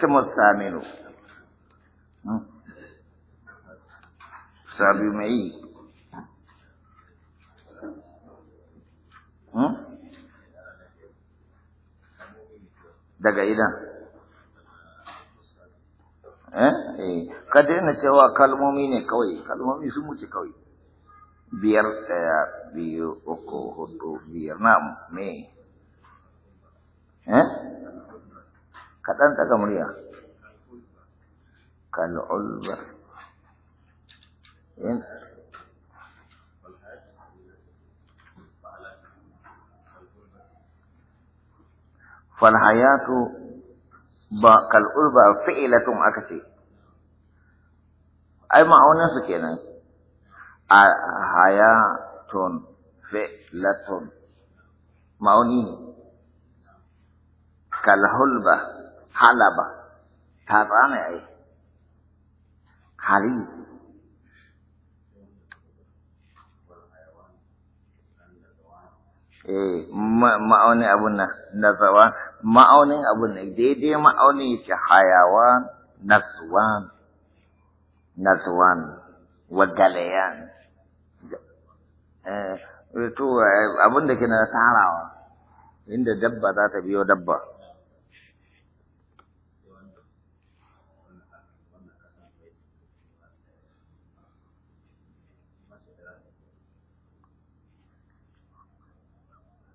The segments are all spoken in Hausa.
كم الثامن سابي معي daga idan eh? eh ka daina cewa kalmomi ne kawai kalmomi sun wuce kawai biyar ɗaya biyu uku hudu biyar na me eh kaɗan daga murya kal'ulba in falhayatu ba kal'ulba fi'ilatun aka ce ai ma'auninsu kenan a hayatun fi'ilatun ma'auni ne kalhulba halaba ta tsame ai hali eh ma'auni abun nan nazawa ma'aunin abun nan daidai ma'auni ke hayawa naswan naswan wa galayan eh to eh, abun da ke na tarawa inda dabba za ta biyo dabba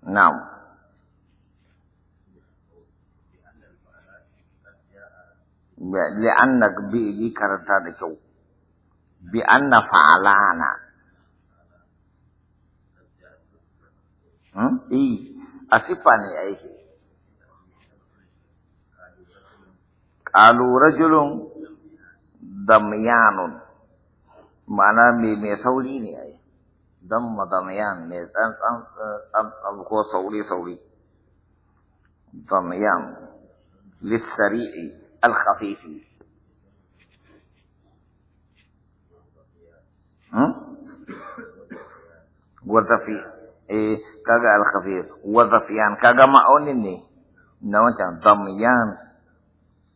na'am li'anna bi karanta da kyau bi anna fa'alana hmm a asifa ne aiki qalu rajulun damyanun ma'ana me mai sauri ne aiki دم دميان ميزان سام سام سام هو صولي صولي دميان للسريع الخفيف وظفي كذا الخفيف وظفيان كذا ما اونني نو انت دميان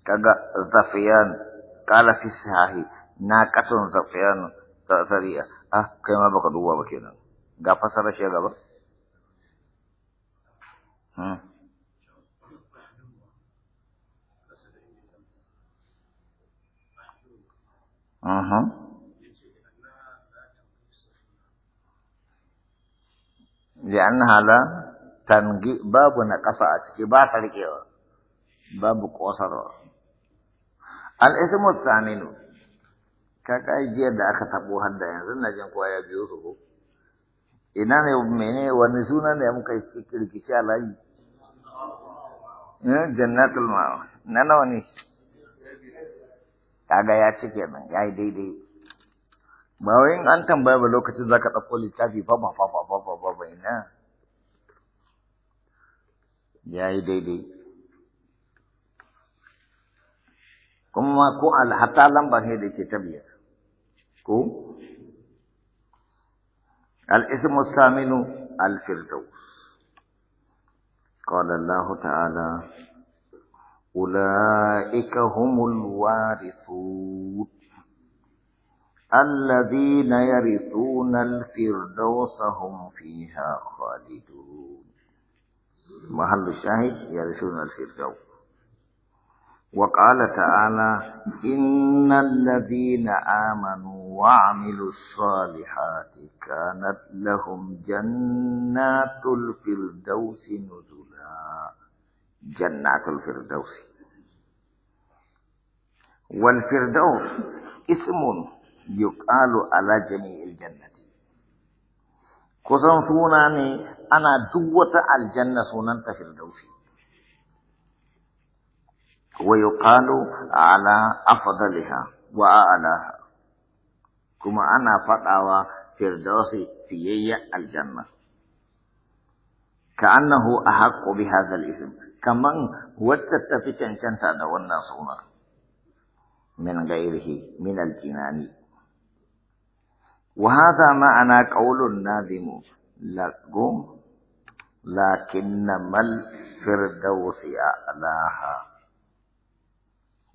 كذا ظفيان قال في الساحي ناقة ظفيان تأثريه ah kai ma baka duba ba kenan ga fasara shi gaba Aha. Lian hala tangi babu na ƙasa a ciki ba sarkewa, babu ƙosarwa. Al'isimu tsaninu, ka kai jiya da aka tabo hadda yanzu na jin kowa ya biyo su ko ina ne mene wani suna ne muka yi kirkishi a layi eh, jannatul ma'a na nawa ne kaga ya ci kenan ya yi daidai ba wai in an tambaya ba lokacin za ka ɗauko littafi ba ba ba ba ba ina ya yi daidai kuma ko hatta lambar ne da ke ta biyar ko الاسم الثامن الفردوس قال الله تعالى أولئك هم الوارثون الذين يرثون الفردوس هم فيها خالدون محل الشاهد يرثون الفردوس وقال تعالى إن الذين آمنوا وعملوا الصالحات كانت لهم جنات الفردوس نزلا جنات الفردوس والفردوس اسم يقال على جميع الجنة kusan سوناني أنا دوة الجنة wata فردوسي ويقال على أفضلها وأعلاها kuma ana faɗawa firdausi fiyayya aljanna ka'annahu ahaqqu bi hadzal ism kaman wacce ta fi cancanta da wannan suna min ghairihi min aljinani wa hadha ma'ana qawlun nazimu laqum لكن ما الفردوس أعلاها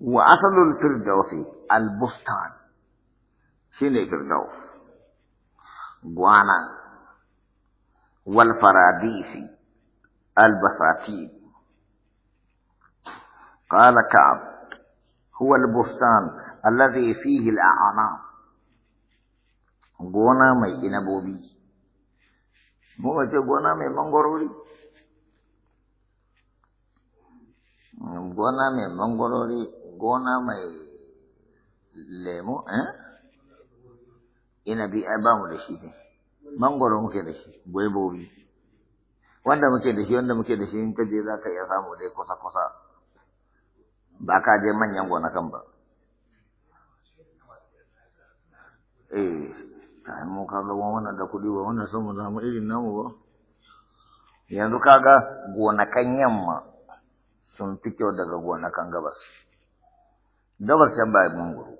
وأصل الفردوس البستان سینے پر جاؤ گوانا والفرادیسی قال كعب هو البستان الذي فيه الأعناق غونا مي إنبوبي مو جو مي منغروري غونا مي منغروري غونا مي ليمو أه؟ Ina ai ba mu da shi ne mangoro muke da shi gwaibobi wanda muke da shi wanda muke da shi in kaje je za ka iya samu dai kusa kusa ba ka je manyan gonakan ba eh ta mu ka ga wannan da kuɗi ba wannan sun mu zamu irin namu ba yanzu kaga gonakan yamma sun fi kyau daga gonakan gabas gabas can ba mangoro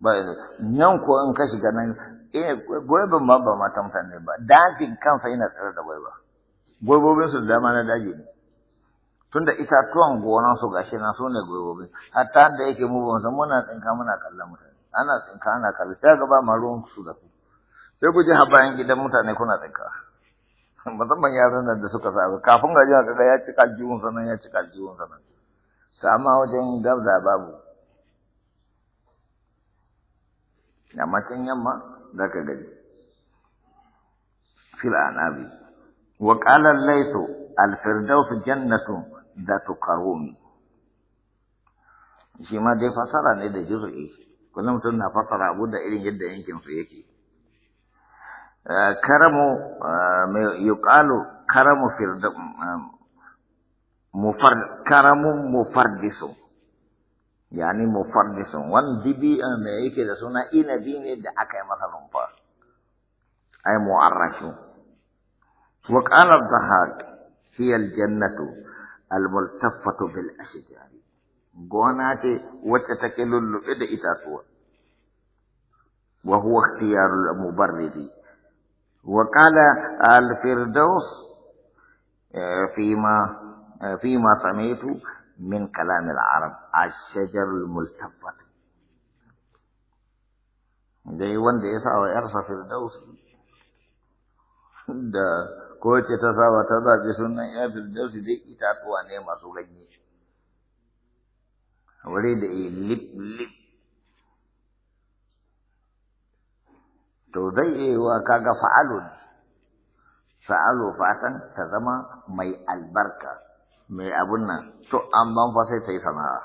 ba ko in ka shiga nan eh gurbin ma ba ma mutane ba dajin kansa ina tsare da gwaiba gwaibobin su dama na daji ne tunda itatuwan gonan su gashi na su ne gwaibobin hatta da yake mu ban san muna tsinka muna kallon mutane ana tsinka ana kallon sai ga ba ma ruwan su da ku sai ku je ha bayan gidan mutane kuna tsinka musamman yaran nan da suka saba kafin gajiya kaga ya cika jiwon sanan ya cika jiwon sanan sama wajen gabza babu da matan yamma za ka gani fil anabi wa qala laysu al firdaus jannatun datu karumi shi ma dai fasara ne da juz'i kullum sun na fasara abu da irin yadda yankin su yake eh, karamu eh, mai yuqalu karamu firdaus eh, mufar karamu mufardisu يعني مفردس وان دي بي ام اي كده سنة إن دين دي أكي مثلا نمبر أي معرش وقال الضحاك هي الجنة الملتفة بالأشجار قواناتي وتتكل اللعيد إتاتوا وهو اختيار المبرد وقال الفردوس آه، فيما آه، فيما سمعت Min من كلام العرب الشجر الملتفت dai wanda ya sa wa ‘yarsa firdausi da kowace ta sa ta zaɓi sunan ‘yar firdausi dai itatuwa ne masu ganye wuri da yi lip-lip to zai iya yi waka ga ne fa'alu fatan ta zama mai albarka mai abun nan to amma fa sai ta yi sana'a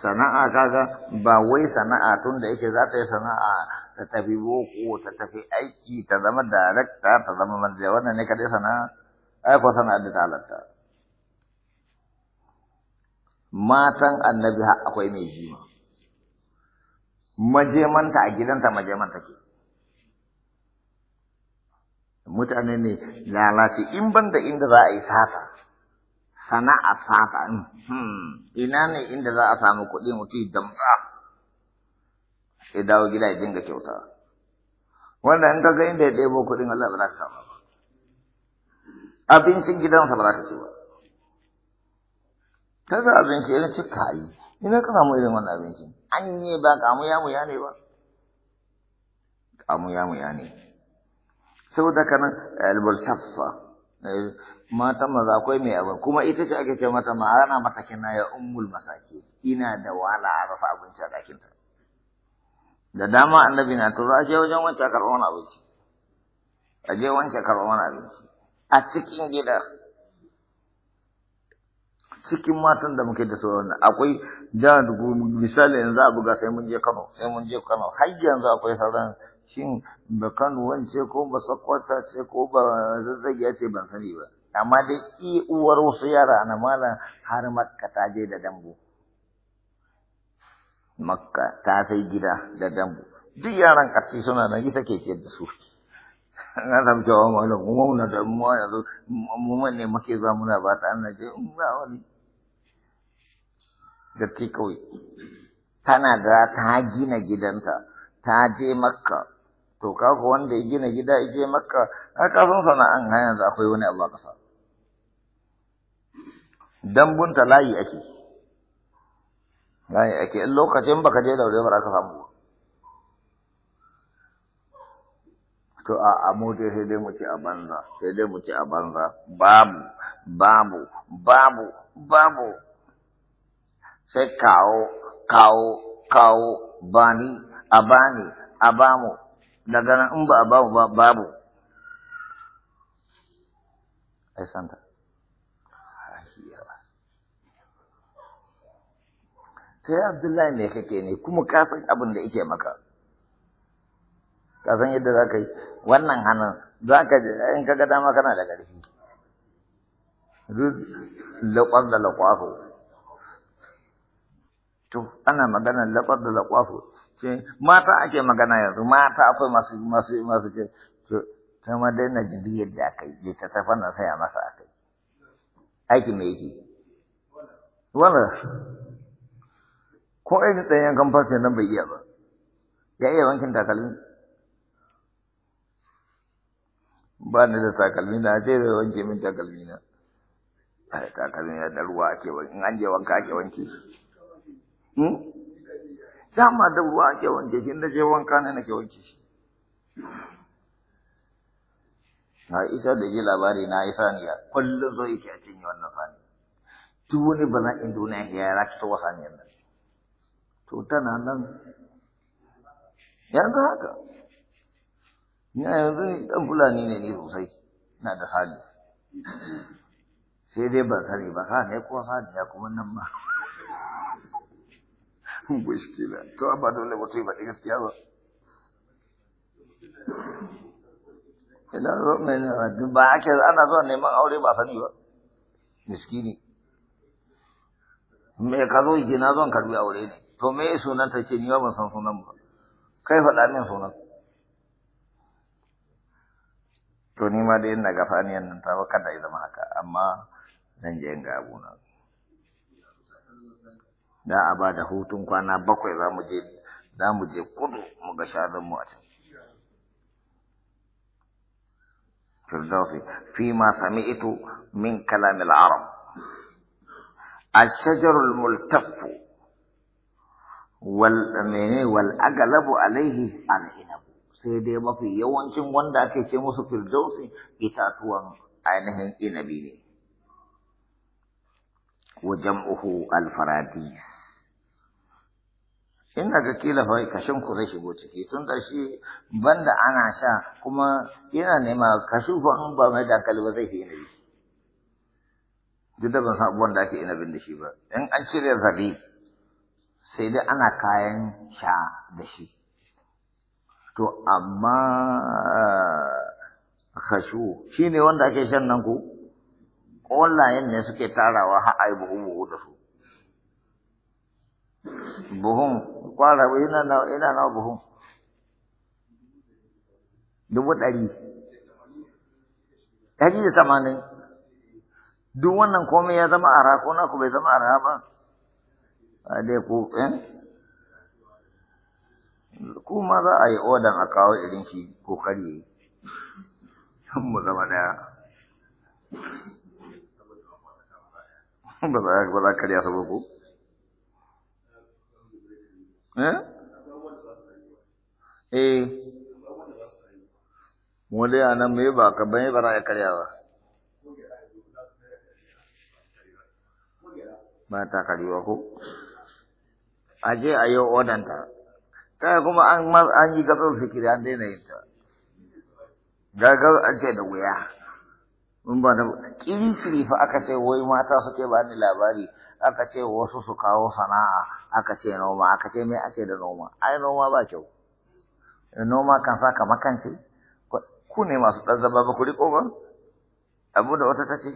sana'a kaga ba wai sana'a tun da yake za ta yi sana'a ta tafi boko ta tafi aiki ta zama darakta ta zama manaja wannan ne kada sana'a ai ko sana'a da ta matan annabi akwai mai jima majemanta a gidanta majemanta ke. mutane ne lalace in ban da inda za a yi sata sana'a sata hmm, ina ne inda za a samu kuɗi mutum damsa ya dawo gida ya dinga kyauta wanda in kaga inda ya ɗebo kuɗin Allah ba za ka samu ba abincin gidansa ba za ka ci ba kaga abinci yana ci kayi ina ka samu irin wannan abincin an yi ba kamu ya mu ya ne ba kamu ya mu ya ne Sau saboda kanan albultaffa eh, mata maza akwai mai abin kuma ita ce ake ce mata ma ana mata kina ya ummul masaki ina da wala a rasa abinci a ɗakin ta da dama annabi na to a wajen wancan karɓar wani abinci a je wancan karɓar wani abinci a cikin gida cikin matan da muke da su wannan akwai jihar misali yanzu a buga sai mun je Kano sai mun je Kano har yanzu akwai sauran shin ba kanuwan ce ko ba sakwata ce ko ba zazzagiya ce ban sani ba amma dai i uwar wasu yara na malam har makka ta je da dambu makka ta sai gida da dambu duk yaran ƙarfi suna nan ita ke ciyar da su na samu wa malam kuma muna da mu yanzu mu ne muke za muna ba ta ana ce in mm, ba wani da kawai tana da ta gina gidanta ta je makka to kaga wanda ya gina gida ya je makka a kafin sana'an har yanzu akwai wani abu a ƙasa dambunta layi ake layi ake in lokacin baka je daure ba ka samu to a amu dai sai dai mu ci a banza sai dai mu ci a banza babu babu babu babu sai kawo kawo kawo bani a bani a bamu daga nan in ba a babu ba babu ai santa sai abdullahi me kake ne kuma ka san abin da yake maka ka san yadda za ka yi wannan hannun za ka in ka ga dama kana da ƙarfi duk laƙwar da laƙwafo to ana maganar laƙwar da laƙwafo ce mata ake magana yanzu mata akwai masu masu masu ce to ta ma daina jiriyar da aka yi ta tafa na saya masa aka yi aiki mai yake wannan ko irin tsayen kamfasin nan bai iya ba ya iya wankin takalmi ba ni da takalmi na ce da wanke min takalmi na takalmi na da ruwa ake wanke in an je wanka ake wanke shi hmm? dama da ruwa ake wanke shi na je wanka ne nake wanke shi na isa da ji labari na ne ya kullum zo yake a cinye wannan saniya duk wani bala'in duniya ya raki ta wasaniyar nan to tana nan yanzu haka ina yanzu ni dan fulani ne ni sosai ina da hali sai dai ba sani ba ka ne sani ya kuma nan ma mushkila to ba dole mutum ba gaskiya ba ina zo mai ba ake ana zuwa neman aure ba sani ba me ka zo yake na zon aure ne to me sunan ta ce ni ba ban san sunan ba kai faɗa min sunan to ni ma da yin na ta ba kada ya amma zan abuna da a bada hutun kwana bakwai za mu je za mu je kudu mu ga shadan mu a can firdausi fi ma sami'tu min kalam al-arab الشجر الملتف والمني والأغلب عليه العنب سيدي ما في يوانشن وندا كيشي موسو في الجوسي إتاتوان ainihin inabi ne. وجمعه الفراديس ina ga kila fa kashin ku zai shigo ciki tun da shi banda ana sha kuma yana nema kashin ku an ba mai dakali ba zai fi inabi duk da ban san abubuwan da ake inabin da shi ba in an cire zabi sai dai ana kayan sha da shi to amma kashu ne wanda ake shan nan ku online ne suke tarawa har a yi buhu-buhu da su. Buhun, kwara yana na na buhun. Dubu ɗari. Ɗari da tamanin. Duk wannan komai ya zama ara ko na ku bai zama ara ba. A dai ku, eh? ma za a yi odan a kawo irin shi kariye. mu zama daya ba za ka ba za karya su ba ko eh eh mu dai anan me ba ka bane ba za ka karya ba ba ta karewa ko a je a yi odanta ta kuma an yi gatsar fikiri an daina yin ta gagar an ce da wuya mun ba da kiri fa aka ce wai mata suke ba ni labari aka ce wasu su kawo sana'a aka ce noma aka ce mai ake da noma ai noma ba kyau noma kan sa ka makance ku ne masu ɗazzaba ba ku riko ba abu da wata ta ce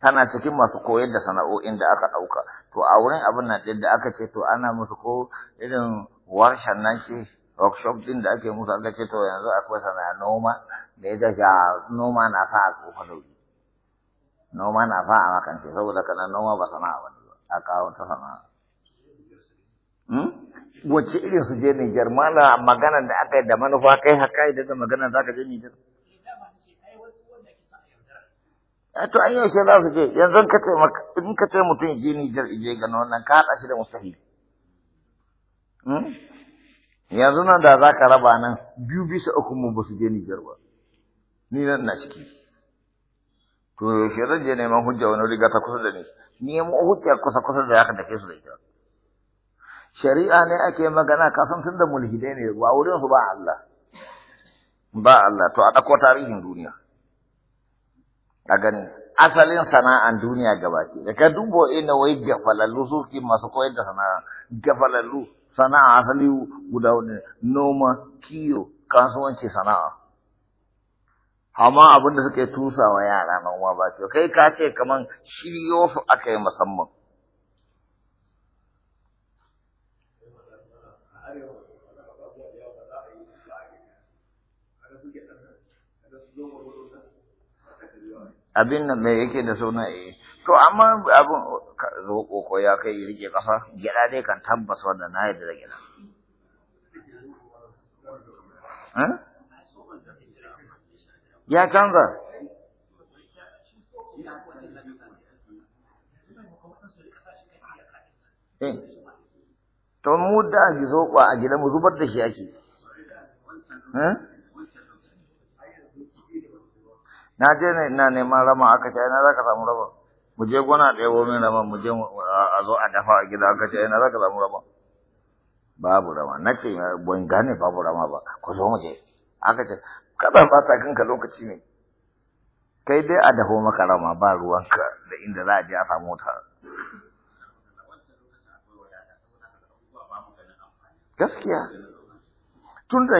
tana cikin masu koyar da sana'o'in da aka ɗauka to a wurin abin nan ɗin da aka ce to ana musu ko irin warshan nan ce workshop ɗin da ake musu aka ce to yanzu akwai sana'a noma da ya ga ah, noma na sa a kofar wuri noma na sa a makance saboda kana noma ba sana'a ba a kawo ta sana'a hmm? wacce irin su je Nijar mala magana da aka yi da manufa kai haka da da magana za ka je Nijar eh, to an yaushe za su je yanzu ka ce in ka ce mutum je Nijar je gano wannan ka haɗa shi da mustahi hmm? yanzu nan da za ka raba nan biyu bisa uku mu ba su je Nijar ba ni nan na ciki to yaushe zan je neman hujja wani riga ta kusa da ni nemo hujja kusa kusa da haka dake su da ita shari'a ne ake magana ka san tunda mulhidai ne ba wurin su ba Allah ba Allah to a dauko tarihin duniya a gani asalin sana'an duniya gabaki da ka dubo ina wai gafalallu su ki masu koyar da sana'a gafalallu sana'a asali guda noma kiyo kasuwanci sana'a amma abin da suke tusawa yara noma ba ce, kai ka ce kaman shiryo su aka yi musamman abin nan mai yake da suna eh to amma abin roƙo ko ya kai rike ƙasa gyaɗa dai kan tabbas wanda na yadda da gyaɗa eh? ya canza eh. to mu da a gizo kwa a gidan mu zubar da shi ake eh? na je na neman rama aka ce na za ka samu rama mu je gona ɗaya min rama mu je a zo a dafa a gida aka ce na za ka samu rama babu rama na ce ban gane babu rama ba ku zo mu je aka ce kada bata kanka lokaci ne kai dai a dafo maka rama ba ruwanka da inda za a je a samu ta gaskiya tun da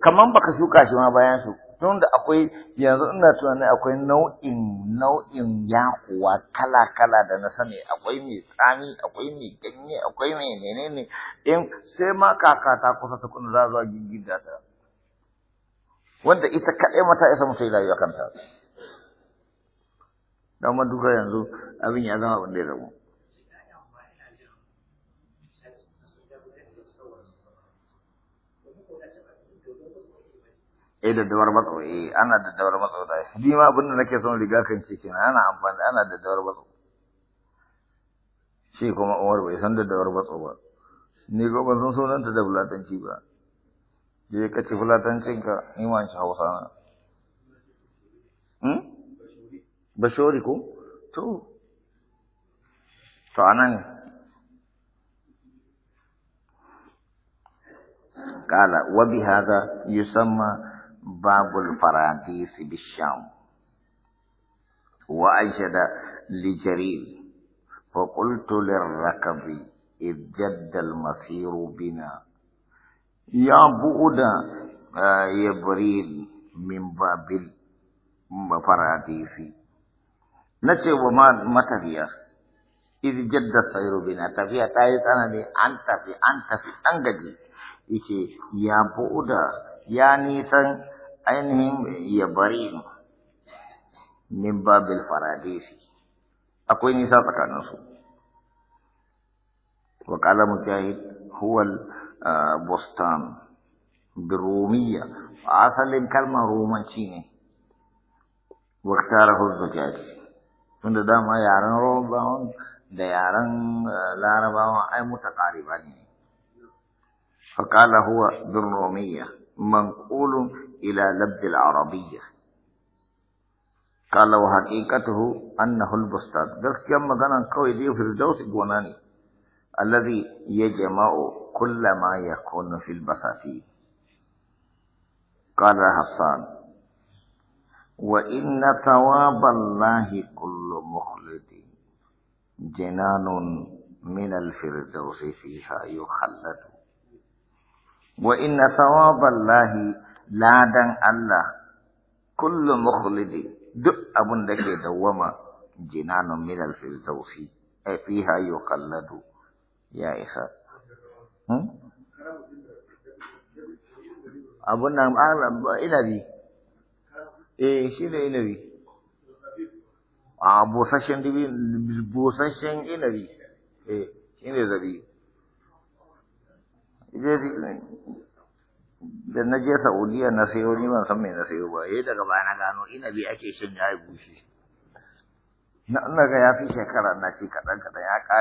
kaman baka shuka shi ma bayan su tun da akwai yanzu ina tunanin akwai nau'in nau'in yakuwa kala kala da na sani akwai mai tsami akwai mai ganye akwai mai menene in sai ma kaka ta kusa ta kuna za zuwa gingida wanda ita kaɗai mata isa mutu yi rayuwa kanta don ma duka yanzu abin ya zama abin da ya zama eh daddawar matsa eh ana daddawar matsa da shi ma abin da nake son riga kan ce kenan ana amfani ana daddawar matsa shi kuma umar bai san daddawar matsa ba ni ko ban san sunanta da bulatanci ba je ka ci fulatancin ka ni ma ci hausa na hmm bashori ko to to anan kala wa bi hadha yusamma babul faradis bisham وأجد لجرير فقلت للركب إذ جد المصير بنا ya bu'uda bari min babil faradisi na ce wa matafiya idi jadda sayru bina tafiya ta yi tsanani an tafi an tafi an gaji yace ya bu'uda ya nisan ainihin ya bari min babil faradisi akwai nisa tsakaninsu وقال مجاهد هو بستان برومية أصل الكلمة رومانشيني واختاره الزجاج من دا ما يعرن رومباون da yaren larabawa ai mutaƙariba ne faƙala huwa bin romiyya manqulun ila labdil arabiyya قال وحقيقته أنه البستان قال كم مغانا قوي ديو في الجوز قوناني الذي يجمع كل ما يكون في البساتين قال حسان وإن ثواب الله كل مخلد جنان من الفردوس فيها يخلد وإن ثواب الله لا دن الله كل مخلد دؤ أبن دك دوما جنان من الفردوس فيها يخلد ya isa abun nan inabi eh shi ne inabi a busasshen dibi inabi eh shi ne zabi da na je Saudiya na sayo ni ban san me na sayo ba eh daga baya na gano inabi ake shin ya bushe na ina ga ya fi shekara na ci kaɗan kaɗan ya